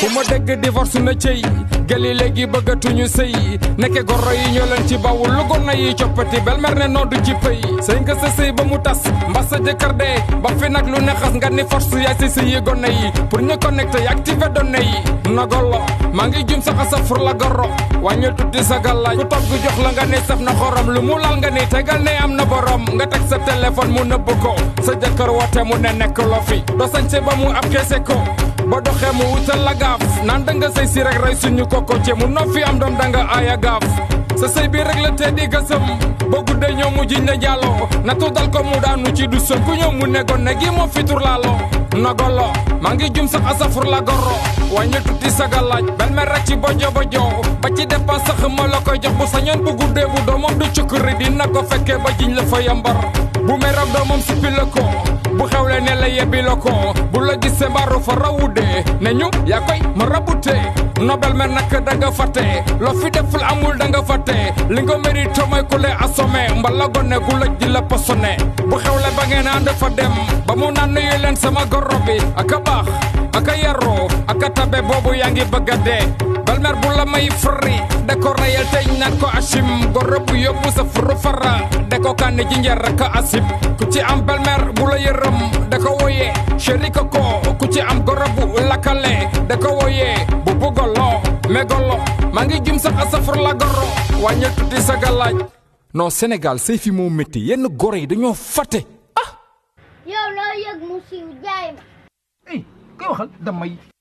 fu ma dégg divorce na cëy gëli léegi bëggatuñu sëy nekke goro yi ñoo leen ci bawul lu gone yi coppati belmer ne noo du ci fëy sëy nga sa sëy ba mu tas mbaa sa jëkkër dee ba fi nag lu ne xas nga ni force yaay si sëyi gone yi pour ñu connecté yi activé données yi na golo Mangi jum sa xassa fur la ga wañu tuddi sa gàllaaj ku togg jox la nga ne saf na xorom lu mu lal nga ne tegal ne am na borom nga tek sa telephone mu neub ko sa jakkar wote mu ne nek lo fi do sañse ba mu ab kesse ko ba doxee mu wutal la gaf nan da nga sëy si rek rey suñu koko ci mu no fi am dom da nga aya gaf sa sey bi rek la teddi gassam ba guddee ñoo mu jiñ na jallo na tuutal ko mu daanu ci du sën ku ñëw mu negoon ne gi mo fitur lo nagolo maa ngi jum sax asafur la goro wàññi tuuti saga laaj bel mer rek ci bojo bojo ba ci dépense sax ma la koy jox bu sañoon bu guddee bu du cukkuri dina ko fekkee ba jiñ la fa yambar bu meroog doomam sippi la ko bu xewle ne la yebbi la ko bu la gisee mbaaru fa rawudee ne ñu yaa ma rabute nobel mer nak da nga fàtte loo fi deful amul da nga fàtte li nga mérite mooy ku lay assommé mbala gone gu lëj di la posone bu xewle ba ngeen ànd fa dem ba mu naan leen sama goro bi ak a baax ak a yaroo ak a tabe boobu yaa ngi bëgg a dee bu la may fari da ko rayal teñ naan ko achim bu yobbu sa furu fara da ko kànni jinjar ka asib ku ci am belmer bu la yërëm da ko woyé chéri ko ku ci am gorobu lakale da ko woyé bu me megolo ma ngi jim sa asafur la goro wañu tuti sa galaj no sénégal sey fi mo metti yenn goré dañu faté ah yow lo yegg mu ci jaay ma eh ko waxal damay